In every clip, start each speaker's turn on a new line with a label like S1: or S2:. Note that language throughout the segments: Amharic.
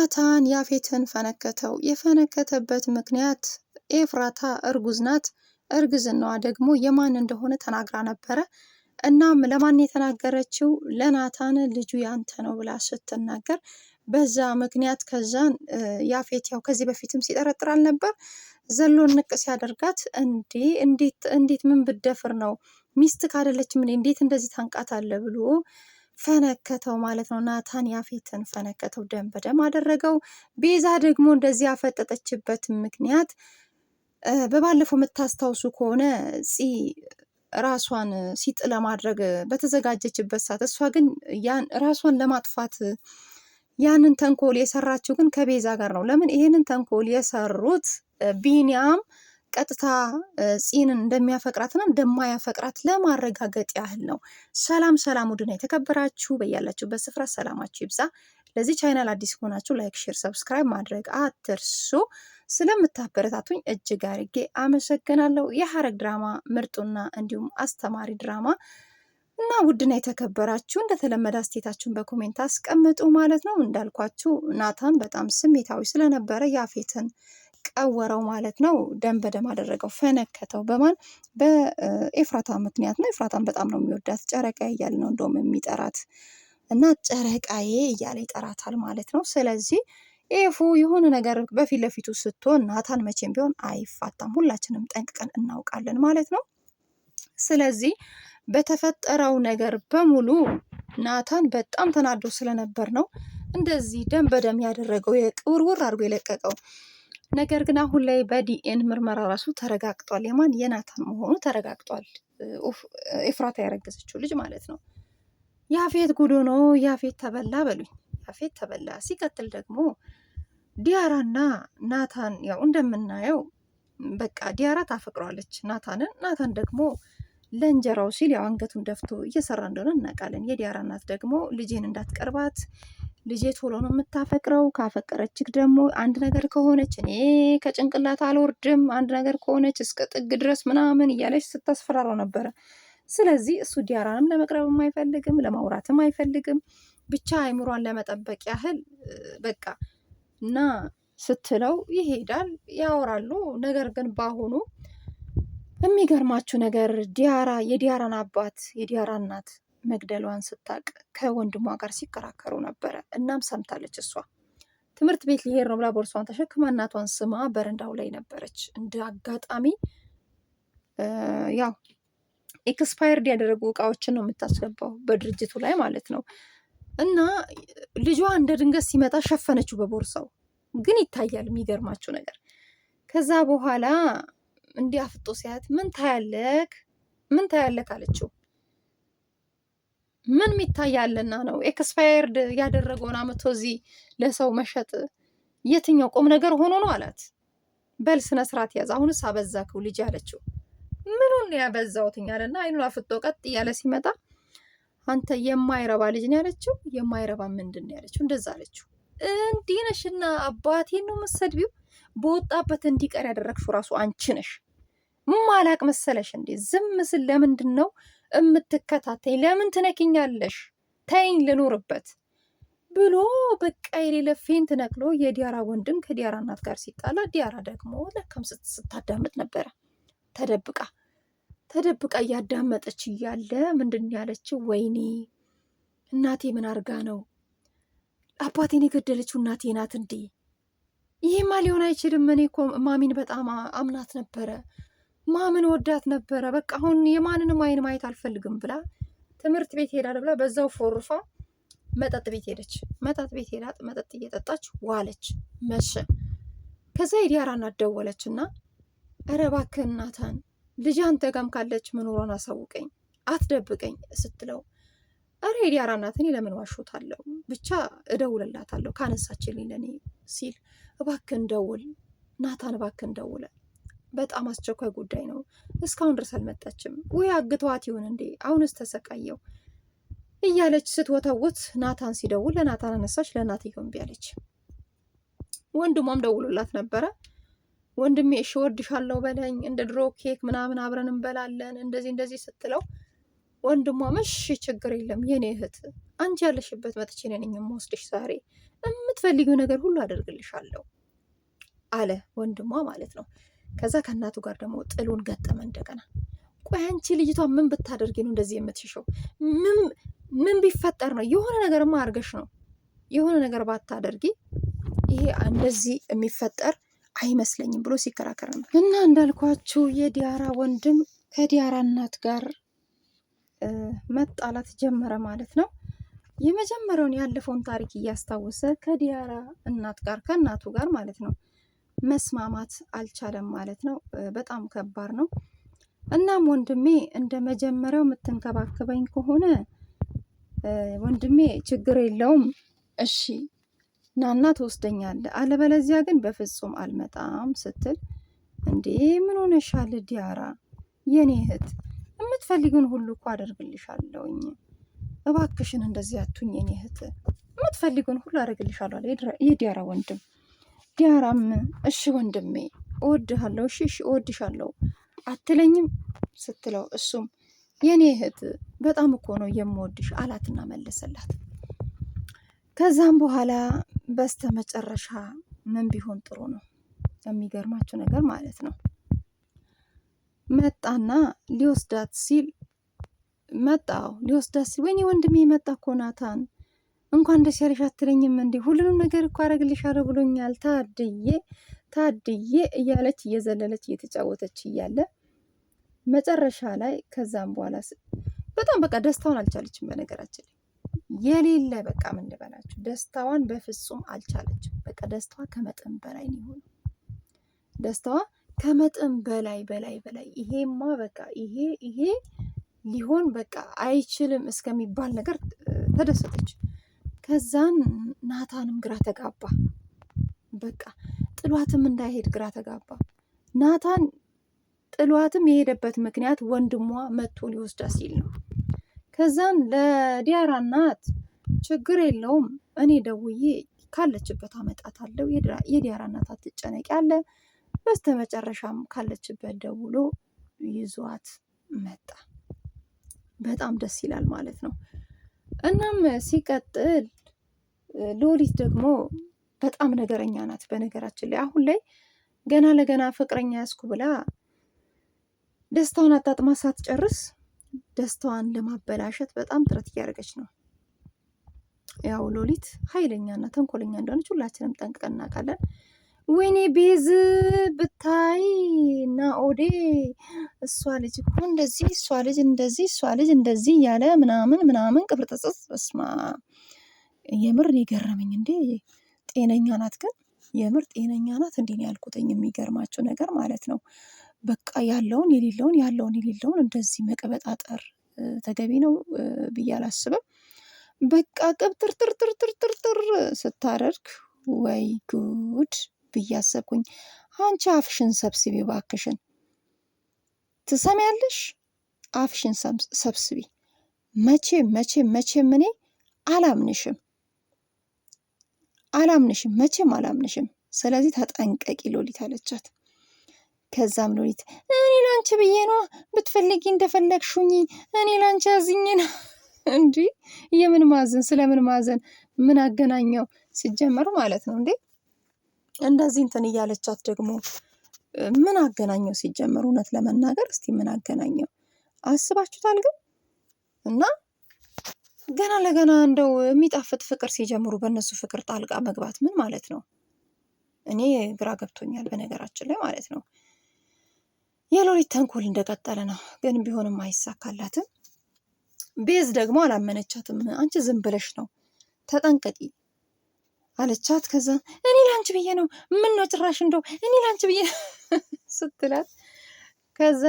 S1: ናታን ያፌትን ፈነከተው። የፈነከተበት ምክንያት ኤፍራታ እርጉዝ ናት፣ እርግዝናዋ ደግሞ የማን እንደሆነ ተናግራ ነበረ። እናም ለማን የተናገረችው ለናታን ልጁ ያንተ ነው ብላ ስትናገር በዛ ምክንያት ከዛን ያፌት ያው ከዚህ በፊትም ሲጠረጥር አልነበር ዘሎ ንቅ ሲያደርጋት እንዴ እንዴት ምን ብደፍር ነው ሚስትህ ምን እንዴት እንደዚህ አለ ብሎ ፈነከተው ማለት ነው። ናታን ያፌትን ፈነከተው፣ ደም በደም አደረገው። ቤዛ ደግሞ እንደዚህ ያፈጠጠችበት ምክንያት በባለፈው የምታስታውሱ ከሆነ ፂ ራሷን ሲጥ ለማድረግ በተዘጋጀችበት ሰዓት እሷ ግን ያን ራሷን ለማጥፋት ያንን ተንኮል የሰራችው ግን ከቤዛ ጋር ነው። ለምን ይሄንን ተንኮል የሰሩት ቢኒያም ቀጥታ ፂንን እንደሚያፈቅራትና እንደማያፈቅራት ለማረጋገጥ ያህል ነው። ሰላም ሰላም፣ ውድና የተከበራችሁ በያላችሁበት ስፍራ ሰላማችሁ ይብዛ። ለዚህ ቻይናል አዲስ ከሆናችሁ ላይክ፣ ሼር፣ ሰብስክራይብ ማድረግ አትርሱ። ስለምታበረታቱኝ እጅግ አርጌ አመሰግናለሁ። የሐረግ ድራማ ምርጡና እንዲሁም አስተማሪ ድራማ እና ውድና የተከበራችሁ እንደተለመደ አስቴታችሁን በኮሜንት አስቀምጡ ማለት ነው። እንዳልኳችሁ ናታን በጣም ስሜታዊ ስለነበረ ያፌትን ቀወረው ማለት ነው። ደም በደም አደረገው፣ ፈነከተው። በማን በኤፍራታ ምክንያት ነው። ኤፍራታን በጣም ነው የሚወዳት። ጨረቃዬ እያለ ነው እንደውም የሚጠራት እና ጨረቃዬ እያለ ይጠራታል ማለት ነው። ስለዚህ ኤፉ የሆነ ነገር በፊት ለፊቱ ስትሆን ናታን መቼም ቢሆን አይፋታም። ሁላችንም ጠንቅቀን እናውቃለን ማለት ነው። ስለዚህ በተፈጠረው ነገር በሙሉ ናታን በጣም ተናዶ ስለነበር ነው እንደዚህ ደም በደም ያደረገው የቅውርውር አድርጎ የለቀቀው። ነገር ግን አሁን ላይ በዲኤን ምርመራ ራሱ ተረጋግጧል። የማን የናታን መሆኑ ተረጋግጧል። ኤፍራታ ያረገዘችው ልጅ ማለት ነው። ያፌት ጉዶ ነው። ያፌት ተበላ በሉኝ፣ ያፌት ተበላ። ሲቀጥል ደግሞ ዲያራና ናታን ያው እንደምናየው በቃ ዲያራ ታፈቅሯለች ናታንን። ናታን ደግሞ ለእንጀራው ሲል ያው አንገቱን ደፍቶ እየሰራ እንደሆነ እናውቃለን። የዲያራ እናት ደግሞ ልጄን እንዳትቀርባት ልጄ ቶሎ ነው የምታፈቅረው። ካፈቀረችግ ደግሞ አንድ ነገር ከሆነች እኔ ከጭንቅላት አልወርድም፣ አንድ ነገር ከሆነች እስከ ጥግ ድረስ ምናምን እያለች ስታስፈራረው ነበረ። ስለዚህ እሱ ዲያራንም ለመቅረብም አይፈልግም፣ ለማውራትም አይፈልግም። ብቻ አይምሯን ለመጠበቅ ያህል በቃ እና ስትለው ይሄዳል፣ ያወራሉ። ነገር ግን በአሁኑ የሚገርማችሁ ነገር ዲያራ የዲያራን አባት የዲያራ እናት መግደሏን ስታቅ ከወንድሟ ጋር ሲከራከሩ ነበረ። እናም ሰምታለች። እሷ ትምህርት ቤት ሊሄድ ነው ብላ ቦርሷን ተሸክማ እናቷን ስማ በረንዳው ላይ ነበረች። እንደ አጋጣሚ ያው ኤክስፓየርድ ያደረጉ እቃዎችን ነው የምታስገባው በድርጅቱ ላይ ማለት ነው። እና ልጇ እንደ ድንገት ሲመጣ ሸፈነችው በቦርሳው ግን ይታያል። የሚገርማችሁ ነገር ከዛ በኋላ እንዲህ አፍጦ ሲያት ምን ታያለክ ምን ታያለክ አለችው። ምን ይታያልና ነው ኤክስፓየርድ ያደረገውን አመቶ እዚህ ለሰው መሸጥ የትኛው ቁም ነገር ሆኖ ነው አላት። በል ስነ ስርዓት ያዝ፣ አሁንስ አበዛከው ልጅ አለችው። ምኑን ያበዛውትኝ አለና አይኑን አፍጦ ቀጥ እያለ ሲመጣ አንተ የማይረባ ልጅ ነው ያለችው። የማይረባ ምንድን ነው ያለችው? እንደዛ አለችው። እንዲህ ነሽና አባቴን ነው የምትሰድቢው? በወጣበት እንዲቀር ያደረግሽው ራሱ አንቺ ነሽ። ማላቅ መሰለሽ እንዴ? ዝም ስል ለምንድን ነው እምትከታተኝ ለምን ትነክኛለሽ? ተይኝ ልኖርበት ብሎ በቃ የሌለ ፌንት ነቅሎ የዲያራ ወንድም ከዲያራ እናት ጋር ሲጣላ፣ ዲያራ ደግሞ ለካም ስታዳምጥ ነበረ። ተደብቃ ተደብቃ እያዳመጠች እያለ ምንድን ያለችው? ወይኔ እናቴ ምን አርጋ ነው አባቴን የገደለችው? እናቴ ናት እንዴ? ይህማ ሊሆን አይችልም። እኔ እኮ ማሚን በጣም አምናት ነበረ ማምን ወዳት ነበረ። በቃ አሁን የማንንም አይን ማየት አልፈልግም ብላ ትምህርት ቤት ሄዳል ብላ በዛው ፎርፋ መጠጥ ቤት ሄደች። መጠጥ ቤት ሄዳ መጠጥ እየጠጣች ዋለች። መሸ። ከዛ የዲያራ እናት ደወለች እና ኧረ እባክህ ናታን ልጅ አንተ ጋም ካለች መኖሯን አሳውቀኝ አትደብቀኝ ስትለው ኧረ የዲያራ እናት እኔ ለምን ዋሾታለሁ ብቻ እደውልላታለሁ ካነሳችልኝ ለኔ ሲል እባክህ እንደውል ናታን እባክህ እንደውለ በጣም አስቸኳይ ጉዳይ ነው። እስካሁን ድረስ አልመጣችም ወይ አግተዋት ይሁን እንዴ? አሁንስ ተሰቃየው እያለች ስትወተውት ናታን ሲደውል ለናታን አነሳች። ለናትየው እምቢ አለች። ወንድሟም ደውሎላት ነበረ። ወንድሜ እሺ እወድሻለሁ በለኝ፣ እንደ ድሮ ኬክ ምናምን አብረን እንበላለን እንደዚህ እንደዚህ ስትለው ወንድሟም እሺ ችግር የለም የኔ እህት፣ አንቺ ያለሽበት መጥቼ ነኝ የምወስድሽ፣ ዛሬ የምትፈልጊው ነገር ሁሉ አደርግልሻለሁ አለ ወንድሟ ማለት ነው። ከዛ ከእናቱ ጋር ደግሞ ጥሉን ገጠመ እንደገና። ቆይ አንቺ ልጅቷ ምን ብታደርጊ ነው እንደዚህ የምትሽሸው? ምን ቢፈጠር ነው? የሆነ ነገርማ አድርገሽ ነው። የሆነ ነገር ባታደርጊ ይሄ እንደዚህ የሚፈጠር አይመስለኝም ብሎ ሲከራከር ነበር። እና እንዳልኳችሁ የዲያራ ወንድም ከዲያራ እናት ጋር መጣላት ጀመረ ማለት ነው። የመጀመሪያውን ያለፈውን ታሪክ እያስታወሰ ከዲያራ እናት ጋር ከእናቱ ጋር ማለት ነው መስማማት አልቻለም ማለት ነው። በጣም ከባድ ነው። እናም ወንድሜ እንደ መጀመሪያው የምትንከባከበኝ ከሆነ ወንድሜ ችግር የለውም እሺ ናና ትወስደኛለህ፣ አለበለዚያ ግን በፍጹም አልመጣም ስትል እንዴ ምን ሆነሻል ዲያራ የኔ እህት የምትፈልግን ሁሉ እኮ አደርግልሻለሁኝ እባክሽን እንደዚህ አቱኝ የኔ እህት የምትፈልግን ሁሉ አደርግልሻለሁ የዲያራ ወንድም ዲያራም እሺ ወንድሜ እወድሃለሁ፣ እሺ እሺ እወድሻለሁ አትለኝም ስትለው እሱም የኔ እህት በጣም እኮ ነው የምወድሽ አላትና መለሰላት። ከዛም በኋላ በስተ መጨረሻ ምን ቢሆን ጥሩ ነው የሚገርማችሁ ነገር ማለት ነው መጣና ሊወስዳት ሲል መጣው ሊወስዳት ሲል ወይኔ ወንድሜ መጣ እኮ ናታን እንኳን ደስ ያለሽ አትለኝም እንዴ? ሁሉንም ነገር እኮ አረግልሻለሁ ብሎኛል። ታድዬ ታድዬ እያለች እየዘለለች እየተጫወተች እያለ መጨረሻ ላይ ከዛም በኋላ በጣም በቃ ደስታውን አልቻለችም። በነገራችን የሌለ በቃ ምን ልበላችሁ ደስታዋን በፍጹም አልቻለችም። በቃ ደስታዋ ከመጠን በላይ ሆነ። ደስታዋ ከመጠን በላይ በላይ በላይ ይሄማ በቃ ይሄ ይሄ ሊሆን በቃ አይችልም እስከሚባል ነገር ተደሰተች። ከዛን ናታንም ግራ ተጋባ። በቃ ጥሏትም እንዳይሄድ ግራ ተጋባ። ናታን ጥሏትም የሄደበት ምክንያት ወንድሟ መጥቶ ሊወስዳ ሲል ነው። ከዛን ለዲያራ እናት ችግር የለውም እኔ ደውዬ ካለችበት አለው። የዲያራ እናት አትጨነቂ አለ። በስተመጨረሻም ካለችበት ደውሎ ይዟት መጣ። በጣም ደስ ይላል ማለት ነው። እናም ሲቀጥል ሎሊት ደግሞ በጣም ነገረኛ ናት። በነገራችን ላይ አሁን ላይ ገና ለገና ፍቅረኛ ያዝኩ ብላ ደስታዋን አጣጥማ ሳትጨርስ ደስታዋን ለማበላሸት በጣም ጥረት እያደረገች ነው። ያው ሎሊት ኃይለኛና ተንኮለኛ እንደሆነች ሁላችንም ጠንቅቀን እናውቃለን። ወይኔ ቤዝ ብታይ እና ኦዴ እሷ ልጅ እኮ እንደዚህ እሷ ልጅ እንደዚህ እሷ ልጅ እንደዚህ እያለ ምናምን ምናምን ቅብርጥጽጽ በስማ የምር የገረመኝ እንዴ ጤነኛ ናት ግን የምር ጤነኛ ናት እንዴ ነው ያልኩትኝ የሚገርማቸው ነገር ማለት ነው። በቃ ያለውን የሌለውን ያለውን የሌለውን እንደዚህ መቀበጣጠር ተገቢ ነው ብዬ አላስብም። በቃ ቅብጥርጥርጥርጥርጥር ስታደርግ ወይ ጉድ ብዬ አሰብኩኝ። አንቺ አፍሽን ሰብስቢ እባክሽን ትሰሚያለሽ አፍሽን ሰብስቢ መቼም መቼም መቼም እኔ አላምንሽም አላምንሽም፣ መቼም አላምንሽም። ስለዚህ ተጠንቀቂ ሎሊት አለቻት። ከዛም ሎሊት እኔ ላንቺ ብዬ ነዋ፣ ብትፈልጊ እንደፈለግሹኝ፣ እኔ ላንቺ አዝኝ ነው። እንዲህ የምን ማዘን ስለምን ማዘን ምን አገናኘው ሲጀመር ማለት ነው እንዴ? እንደዚህ እንትን እያለቻት ደግሞ ምን አገናኘው ሲጀመር? እውነት ለመናገር እስቲ ምን አገናኘው አስባችሁታል ግን እና ገና ለገና እንደው የሚጣፍጥ ፍቅር ሲጀምሩ በእነሱ ፍቅር ጣልቃ መግባት ምን ማለት ነው? እኔ ግራ ገብቶኛል፣ በነገራችን ላይ ማለት ነው። የሎሊት ተንኮል እንደቀጠለ ነው፣ ግን ቢሆንም አይሳካላትም። ቤዝ ደግሞ አላመነቻትም። አንቺ ዝም ብለሽ ነው ተጠንቀቂ አለቻት። ከዛ እኔ ለአንቺ ብዬ ነው ምን ነው ጭራሽ እንደው እኔ ለአንቺ ብዬ ስትላት ከዛ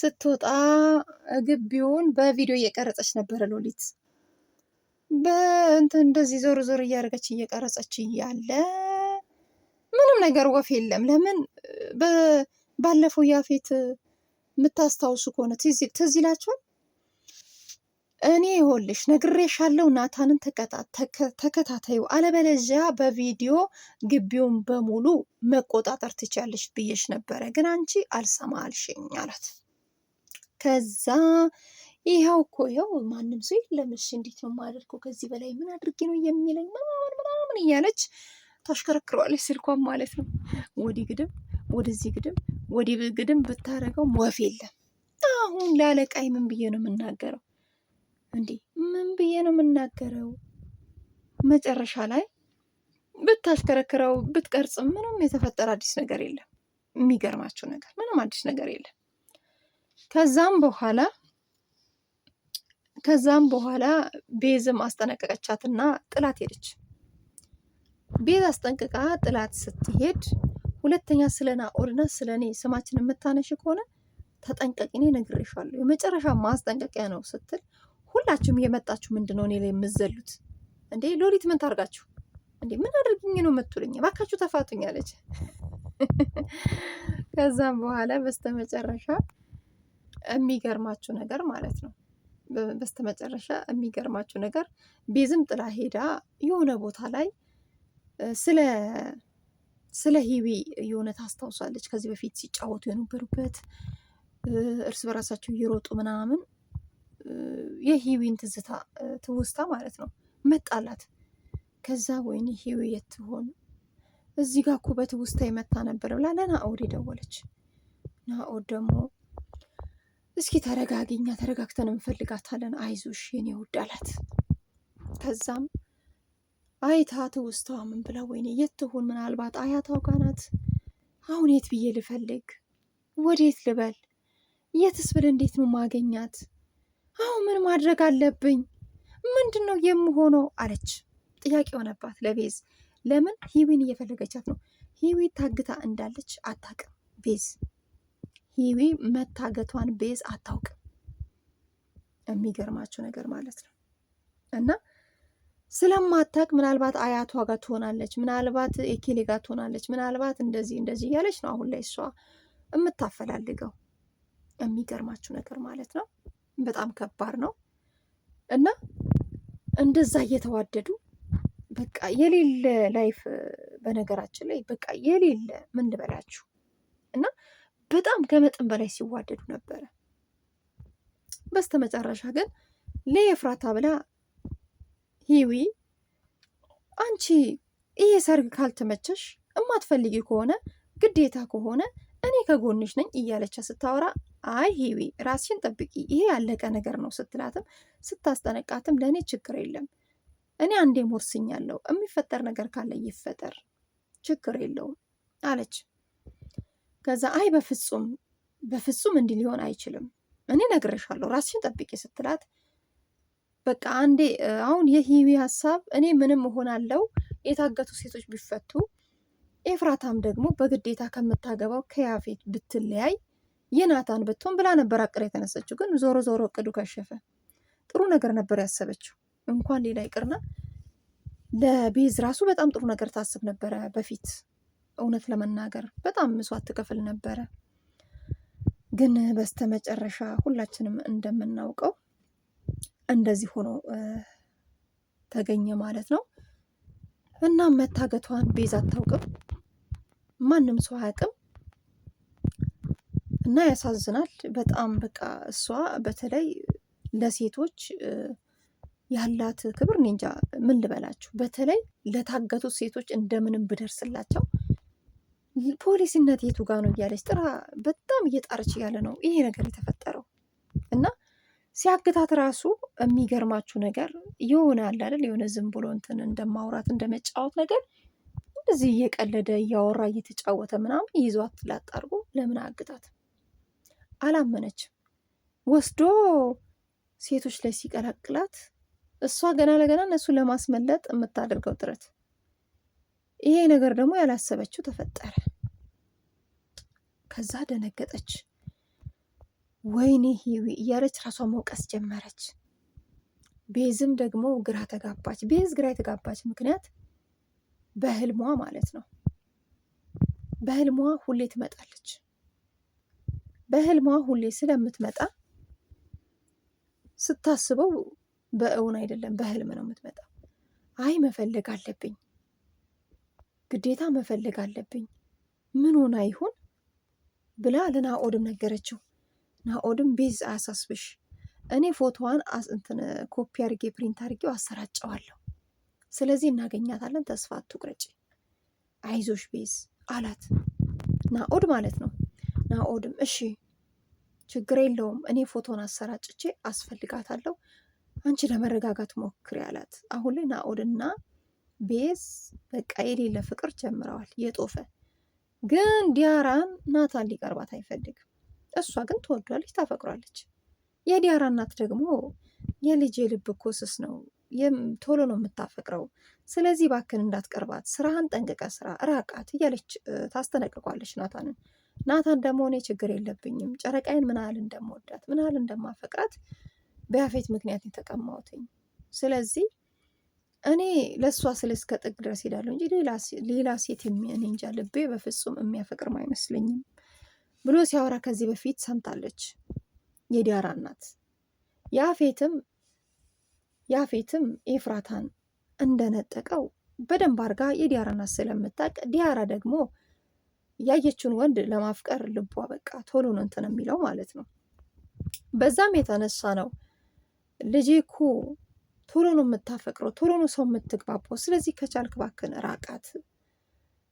S1: ስትወጣ ግቢውን በቪዲዮ እየቀረጸች ነበረ ሎሊት በእንትን እንደዚህ ዞር ዞር እያደረገች እየቀረጸች እያለ ምንም ነገር ወፍ የለም። ለምን ባለፈው ያፌት የምታስታውሱ ከሆነ ትዝ ይላችኋል። እኔ ይኸውልሽ ነግሬሻለሁ፣ ናታንን ተከታታዩ፣ አለበለዚያ በቪዲዮ ግቢውን በሙሉ መቆጣጠር ትችያለሽ ብዬሽ ነበረ፣ ግን አንቺ አልሰማ አልሽኝ አላት። ከዛ ይኸው እኮ ይኸው ማንም ሰው የለም። እንዴት ነው የማደርገው? ከዚህ በላይ ምን አድርጌ ነው የሚለኝ? ምናምን ምናምን እያለች ታሽከረክረዋለች ስልኳን ማለት ነው። ወዲህ ግድም ወደዚህ ግድም ወዲህ ግድም ብታረገው ወፍ የለም። አሁን ለአለቃይ ምን ብዬ ነው የምናገረው? እንዴ ምን ብዬ ነው የምናገረው? መጨረሻ ላይ ብታሽከረክረው ብትቀርጽ ምንም የተፈጠረ አዲስ ነገር የለም። የሚገርማቸው ነገር ምንም አዲስ ነገር የለም። ከዛም በኋላ ከዛም በኋላ ቤዝም አስጠነቀቀቻትና ጥላት ሄደች። ቤዝ አስጠንቅቃ ጥላት ስትሄድ ሁለተኛ ስለ ናኦልና ስለ እኔ ስማችን የምታነሽ ከሆነ ተጠንቀቂ፣ እኔ ነግሬሻለሁ፣ የመጨረሻ ማስጠንቀቂያ ነው ስትል ሁላችሁም የመጣችሁ ምንድን ነው እኔ ላይ የምዘሉት እንዴ? ሎሊት ምን ታርጋችሁ እንዴ? ምን አድርግኝ ነው የምትሉኝ? ባካችሁ ተፋቱኝ አለች። ከዛም በኋላ በስተመጨረሻ የሚገርማችሁ ነገር ማለት ነው በስተመጨረሻ የሚገርማችሁ ነገር ቤዝም ጥላ ሄዳ የሆነ ቦታ ላይ ስለ ስለ ሂዊ የሆነ ታስታውሳለች። ከዚህ በፊት ሲጫወቱ የነበሩበት እርስ በራሳቸው እየሮጡ ምናምን የሂዊን ትዝታ ትውስታ ማለት ነው መጣላት። ከዛ ወይኔ ሂዊ የትሆን እዚህ ጋር እኮ በትውስታ የመታ ነበር ብላ ለናኦድ ደወለች። ናኦድ ደግሞ እስኪ ተረጋግኛ ተረጋግተን እንፈልጋታለን፣ አይዞሽ የኔ ውድ አላት። ከዛም አይታ ትውስታዋ ምን ብላ ወይኔ የት ትሁን? ምናልባት አያታው ጋ ናት። አሁን የት ብዬ ልፈልግ? ወዴት ልበል? የትስ ብል እንዴት ነው ማገኛት? አሁን ምን ማድረግ አለብኝ? ምንድን ነው የምሆነው? አለች። ጥያቄ ሆነባት ለቤዝ። ለምን ሂዊን እየፈለገቻት ነው? ሂዊ ታግታ እንዳለች አታውቅም ቤዝ ሂዊ መታገቷን ቤዝ አታውቅም። የሚገርማቸው ነገር ማለት ነው እና ስለማታቅ ምናልባት አያቷ ጋር ትሆናለች፣ ምናልባት ኤኬሌ ጋር ትሆናለች፣ ምናልባት እንደዚህ እንደዚህ እያለች ነው አሁን ላይ እሷ የምታፈላልገው። የሚገርማችሁ ነገር ማለት ነው በጣም ከባድ ነው እና እንደዛ እየተዋደዱ በቃ የሌለ ላይፍ በነገራችን ላይ በቃ የሌለ ምን ልበላችሁ በጣም ከመጠን በላይ ሲዋደዱ ነበረ። በስተመጨረሻ ግን ለኤፍራታ ብላ ሂዊ አንቺ ይሄ ሰርግ ካልተመቸሽ እማትፈልጊ ከሆነ ግዴታ ከሆነ እኔ ከጎንሽ ነኝ እያለች ስታወራ አይ ሂዊ ራስሽን ጠብቂ፣ ይሄ ያለቀ ነገር ነው ስትላትም ስታስጠነቃትም ለእኔ ችግር የለም እኔ አንዴ ሞርስኛለሁ፣ የሚፈጠር ነገር ካለ ይፈጠር፣ ችግር የለውም አለች። ከዛ አይ በፍጹም በፍጹም እንዲህ ሊሆን አይችልም እኔ ነግሬሻለሁ ራስሽን ጠብቂ ስትላት በቃ አንዴ አሁን የሂዊ ሀሳብ እኔ ምንም እሆናለሁ የታገቱ ሴቶች ቢፈቱ ኤፍራታም ደግሞ በግዴታ ከምታገባው ከያፌት ብትለያይ የናታን ብትሆን ብላ ነበር አቅር የተነሰችው ግን ዞሮ ዞሮ እቅዱ ከሸፈ። ጥሩ ነገር ነበር ያሰበችው። እንኳን ሌላ ይቅርና ለቤዝ ራሱ በጣም ጥሩ ነገር ታስብ ነበረ በፊት እውነት ለመናገር በጣም መስዋዕት ትከፍል ነበረ። ግን በስተመጨረሻ ሁላችንም እንደምናውቀው እንደዚህ ሆኖ ተገኘ ማለት ነው። እናም መታገቷን ቤዛ አታውቅም፣ ማንም ሰው አያውቅም። እና ያሳዝናል በጣም በቃ እሷ በተለይ ለሴቶች ያላት ክብር እኔ እንጃ ምን ልበላችሁ። በተለይ ለታገቱት ሴቶች እንደምንም ብደርስላቸው ፖሊስነት የቱ ነው እያለች ጥራ በጣም እየጣረች እያለ ነው ይሄ ነገር የተፈጠረው። እና ሲያግታት ራሱ የሚገርማችሁ ነገር የሆነ አለ አይደል የሆነ ዝም ብሎ እንትን እንደማውራት እንደመጫወት ነገር እንደዚህ እየቀለደ እያወራ እየተጫወተ ምናምን ይዟት ላጣርጎ ለምን አግታት አላመነች ወስዶ ሴቶች ላይ ሲቀላቅላት እሷ ገና ለገና እነሱ ለማስመለጥ የምታደርገው ጥረት ይሄ ነገር ደግሞ ያላሰበችው ተፈጠረ። ከዛ ደነገጠች። ወይኔ ሂዊ እያለች ራሷ መውቀስ ጀመረች። ቤዝም ደግሞ ግራ ተጋባች። ቤዝ ግራ የተጋባች ምክንያት በህልሟ ማለት ነው። በህልሟ ሁሌ ትመጣለች። በህልሟ ሁሌ ስለምትመጣ ስታስበው በእውን አይደለም በህልም ነው የምትመጣ። አይ መፈለግ አለብኝ ግዴታ መፈለግ አለብኝ ምን ሆና ይሆን ብላ ለናኦድም ነገረችው። ናኦድም ቤዝ አያሳስብሽ፣ እኔ ፎቶዋን እንትን ኮፒ አድርጌ ፕሪንት አድርጌው አሰራጨዋለሁ። ስለዚህ እናገኛታለን፣ ተስፋ አትቁረጪ፣ አይዞሽ ቤዝ አላት ናኦድ ማለት ነው። ናኦድም እሺ ችግር የለውም እኔ ፎቶን አሰራጭቼ አስፈልጋታለሁ፣ አንቺ ለመረጋጋት ሞክሪ አላት። አሁን ላይ ናኦድና ቤዝ በቃ የሌለ ፍቅር ጀምረዋል። የጦፈ ግን ዲያራን ናታን ሊቀርባት አይፈልግም። እሷ ግን ትወዷለች፣ ታፈቅሯለች። የዲያራ እናት ደግሞ የልጅ የልብ እኮ ስስ ነው፣ ቶሎ ነው የምታፈቅረው። ስለዚህ ባክን እንዳትቀርባት፣ ስራህን ጠንቅቀ ስራ፣ ራቃት እያለች ታስጠነቅቋለች ናታንን። ናታን ደግሞ እኔ ችግር የለብኝም ጨረቃይን ምን ያህል እንደምወዳት ምን ያህል እንደማፈቅራት በያፌት ምክንያት የተቀማውትኝ ስለዚህ እኔ ለእሷ ስል እስከ ጥግ ድረስ ሄዳለሁ እንጂ ሌላ ሴት እኔ እንጃ ልቤ በፍጹም የሚያፈቅርም አይመስለኝም ብሎ ሲያወራ ከዚህ በፊት ሰምታለች የዲያራ እናት። ያፌትም ያፌትም ኤፍራታን እንደነጠቀው በደንብ አድርጋ የዲያራ እናት ስለምታቅ፣ ዲያራ ደግሞ ያየችውን ወንድ ለማፍቀር ልቧ በቃ ቶሎ ነው እንትን የሚለው ማለት ነው። በዛም የተነሳ ነው ልጄ እኮ ቶሎ ነው የምታፈቅረው፣ ቶሎ ነው ሰው የምትግባባው። ስለዚህ ከቻልክ ባክን ራቃት፣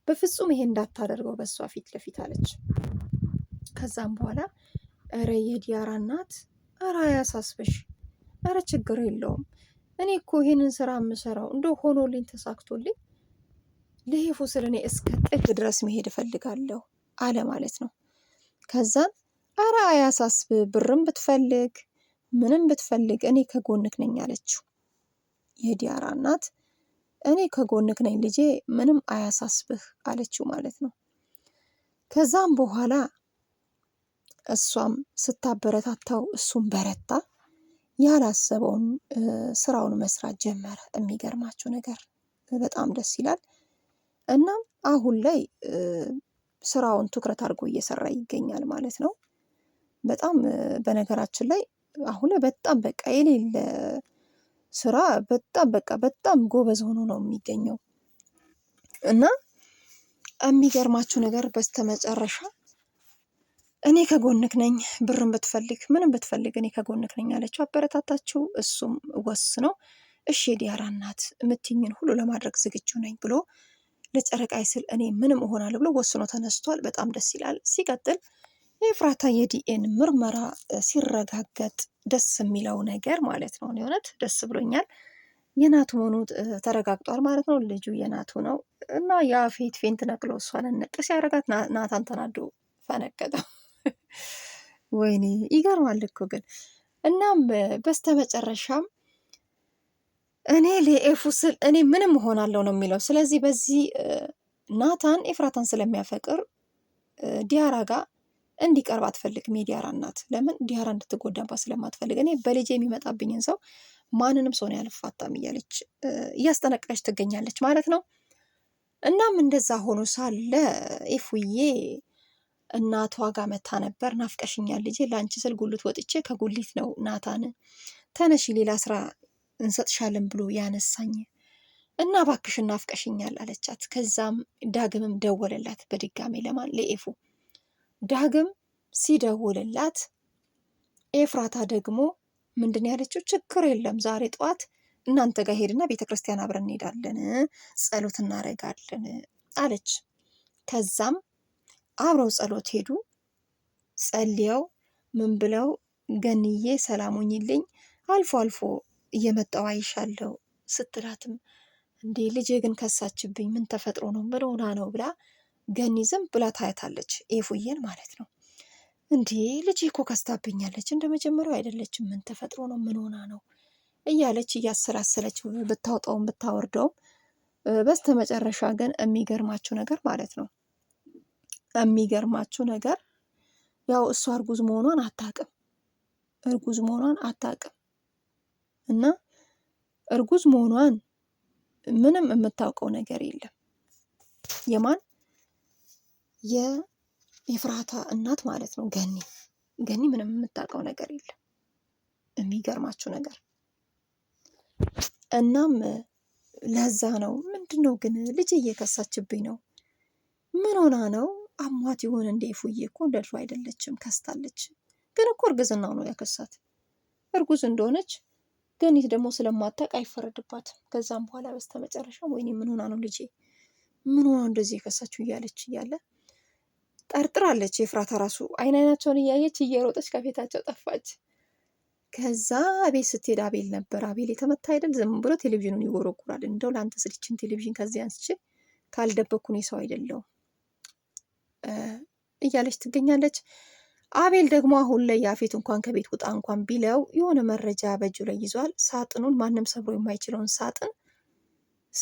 S1: በፍጹም ይሄ እንዳታደርገው በእሷ ፊት ለፊት አለች። ከዛም በኋላ እረ የዲያራ እናት እረ አያሳስበሽ፣ እረ ችግር የለውም እኔ እኮ ይህንን ስራ የምሰራው እንደ ሆኖልኝ ተሳክቶልኝ ለሄፉ ስለ እኔ እስከ ጥግ ድረስ መሄድ እፈልጋለሁ አለ ማለት ነው። ከዛም አረ አያሳስብ፣ ብርም ብትፈልግ ምንም ብትፈልግ እኔ ከጎንክ ነኝ አለችው። የዲያራ እናት እኔ ከጎንክ ነኝ ልጄ፣ ምንም አያሳስብህ አለችው ማለት ነው። ከዛም በኋላ እሷም ስታበረታታው እሱም በረታ፣ ያላሰበውን ስራውን መስራት ጀመረ። የሚገርማችሁ ነገር በጣም ደስ ይላል። እናም አሁን ላይ ስራውን ትኩረት አድርጎ እየሰራ ይገኛል ማለት ነው። በጣም በነገራችን ላይ አሁን በጣም በቃ የሌለ ስራ በጣም በቃ በጣም ጎበዝ ሆኖ ነው የሚገኘው። እና የሚገርማችሁ ነገር በስተመጨረሻ እኔ ከጎንክ ነኝ፣ ብርን ብትፈልግ ምንም ብትፈልግ እኔ ከጎንክ ነኝ አለችው። አበረታታችው። እሱም ነው እሺ የዲያራ እናት ሁሉ ለማድረግ ዝግጁ ነኝ ብሎ ለጨረቃ ስል እኔ ምንም እሆናለሁ ብሎ ወስኖ ተነስቷል። በጣም ደስ ይላል። ሲቀጥል የፍራታ የዲኤን ምርመራ ሲረጋገጥ ደስ የሚለው ነገር ማለት ነው። የእውነት ደስ ብሎኛል። የናቱ መሆኑ ተረጋግጧል ማለት ነው። ልጁ የናቱ ነው እና የአፌት ፌንት ነቅሎ እሷን ነቅ ሲያደርጋት ናታን ተናዶ ፈነቀጠው። ወይኔ ይገርማል እኮ ግን። እናም በስተመጨረሻም እኔ ለኤፉ ስል እኔ ምንም እሆናለሁ ነው የሚለው። ስለዚህ በዚህ ናታን ኤፍራታን ስለሚያፈቅር ዲያራ ጋር እንዲቀርብ አትፈልግም የዲያራ እናት። ለምን ዲያራ እንድትጎዳባት ስለማትፈልግ እኔ በልጅ የሚመጣብኝን ሰው ማንንም ሰው ነው ያልፋታም እያለች እያስጠነቀቀች ትገኛለች ማለት ነው። እናም እንደዛ ሆኖ ሳለ ኤፉዬ እናቷ ጋር መታ ነበር። ናፍቀሽኛል ልጄ፣ ለአንቺ ስል ጉልት ወጥቼ ከጉሊት ነው ናታን ተነሺ፣ ሌላ ስራ እንሰጥሻለን ብሎ ያነሳኝ እና እባክሽን እናፍቀሽኛል አለቻት። ከዛም ዳግምም ደወለላት በድጋሜ ለማን ለኤፉ ዳግም ሲደውልላት ኤፍራታ ደግሞ ምንድን ያለችው ችግር የለም ዛሬ ጠዋት እናንተ ጋር ሄድና ቤተ ክርስቲያን አብረን እንሄዳለን፣ ጸሎት እናደርጋለን አለች። ከዛም አብረው ጸሎት ሄዱ። ጸልየው ምን ብለው ገንዬ ሰላም አልፎ አልፎ እየመጣው አይሻለው ስትላትም እንዴ ልጄ ግን ከሳችብኝ ምን ተፈጥሮ ነው ምን ሆና ነው ብላ ገኒ ዝም ብላ ታያታለች ኤፉዬን ማለት ነው። እንዴ ልጅ እኮ ከስታብኛለች፣ እንደ መጀመሪያው አይደለችም። ምን ተፈጥሮ ነው? ምን ሆና ነው? እያለች እያሰላሰለች ብታውጣውም ብታወርደውም፣ በስተ መጨረሻ ግን የሚገርማችሁ ነገር ማለት ነው የሚገርማችሁ ነገር ያው እሷ እርጉዝ መሆኗን አታቅም እርጉዝ መሆኗን አታቅም እና እርጉዝ መሆኗን ምንም የምታውቀው ነገር የለም። የማን የኤፍራታ እናት ማለት ነው ገኒ ገኒ ምንም የምታውቀው ነገር የለም። የሚገርማችሁ ነገር እናም ለዛ ነው ምንድን ነው ግን ልጅ እየከሳችብኝ ነው ምን ሆና ነው አሟት ይሆን እንደ ፉዬ እኮ እንደ ድሮ አይደለችም ከስታለች ግን እኮ እርግዝናው ነው ያከሳት እርጉዝ እንደሆነች ገኒት ደግሞ ስለማታውቅ አይፈረድባትም ከዛም በኋላ በስተመጨረሻ ወይኔ ምን ሆና ነው ልጄ ምን ሆና እንደዚህ የከሳችሁ እያለች እያለ ጠርጥራለች። የፍራታ ራሱ አይን አይናቸውን እያየች እየሮጠች ከፊታቸው ጠፋች። ከዛ ቤት ስትሄድ አቤል ነበር። አቤል የተመታ አይደል? ዝም ብሎ ቴሌቪዥኑን ይጎረጉራል። እንደው ለአንተ ስልችን ቴሌቪዥን ከዚህ አንስቼ ካልደበኩን ሰው አይደለሁም እያለች ትገኛለች። አቤል ደግሞ አሁን ላይ ያፌት እንኳን ከቤት ውጣ እንኳን ቢለው የሆነ መረጃ በእጁ ላይ ይዟል። ሳጥኑን ማንም ሰብሮ የማይችለውን ሳጥን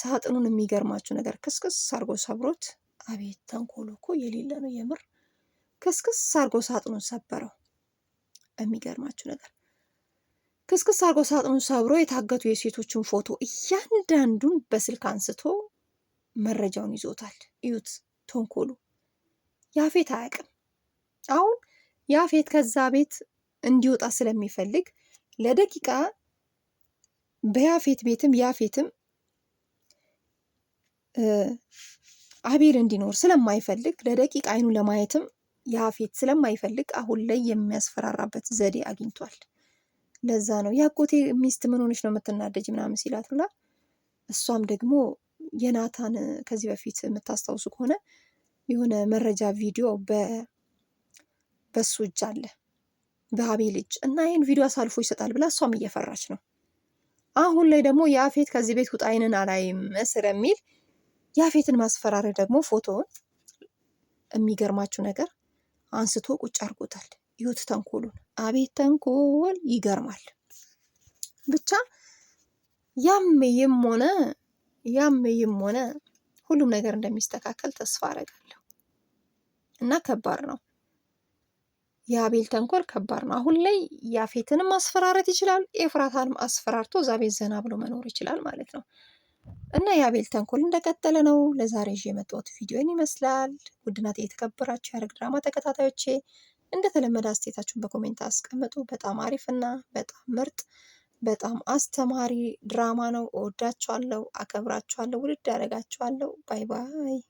S1: ሳጥኑን የሚገርማችሁ ነገር ክስክስ አድርጎ ሰብሮት አቤት ተንኮሎ እኮ የሌለ ነው የምር። ክስክስ አርጎ ሳጥኑን ሰበረው። የሚገርማችሁ ነገር ክስክስ አርጎ ሳጥኑን ሰብሮ የታገቱ የሴቶችን ፎቶ እያንዳንዱን በስልክ አንስቶ መረጃውን ይዞታል። እዩት ተንኮሉ። ያፌት አያውቅም። አሁን ያፌት ከዛ ቤት እንዲወጣ ስለሚፈልግ ለደቂቃ በያፌት ቤትም ያፌትም አቤል እንዲኖር ስለማይፈልግ ለደቂቅ አይኑን ለማየትም ያፌት ስለማይፈልግ አሁን ላይ የሚያስፈራራበት ዘዴ አግኝቷል። ለዛ ነው የአጎቴ ሚስት ምን ሆነች ነው የምትናደጅ ምናምን ሲላት ብላ እሷም ደግሞ የናታን ከዚህ በፊት የምታስታውሱ ከሆነ የሆነ መረጃ ቪዲዮ በሱ እጅ አለ በአቤል እጅ እና ይህን ቪዲዮ አሳልፎ ይሰጣል ብላ እሷም እየፈራች ነው። አሁን ላይ ደግሞ የአፌት ከዚህ ቤት ውጣ አይንን አላይም እስር የሚል ያፌትን ማስፈራሪያ ደግሞ ፎቶውን የሚገርማችሁ ነገር አንስቶ ቁጭ አድርጎታል። ይሁት ተንኮሉን፣ አቤት ተንኮል ይገርማል። ብቻ ያም ይም ሆነ ያም ይም ሆነ ሁሉም ነገር እንደሚስተካከል ተስፋ አደርጋለሁ እና ከባድ ነው የአቤል ተንኮል ከባድ ነው። አሁን ላይ ያፌትንም ማስፈራረት ይችላል። ኤፍራታንም አስፈራርቶ እዛ ቤት ዘና ብሎ መኖር ይችላል ማለት ነው። እና የአቤል ተንኮል እንደቀጠለ ነው። ለዛሬ ይዤ የመጣሁት ቪዲዮን ይመስላል። ውድናት የተከበራችሁ የሐረግ ድራማ ተከታታዮቼ እንደተለመደ አስተያየታችሁን በኮሜንት አስቀምጡ። በጣም አሪፍና በጣም ምርጥ በጣም አስተማሪ ድራማ ነው። እወዳችኋለሁ፣ አከብራችኋለሁ፣ ውድድ ያደረጋችኋለሁ። ባይ ባይ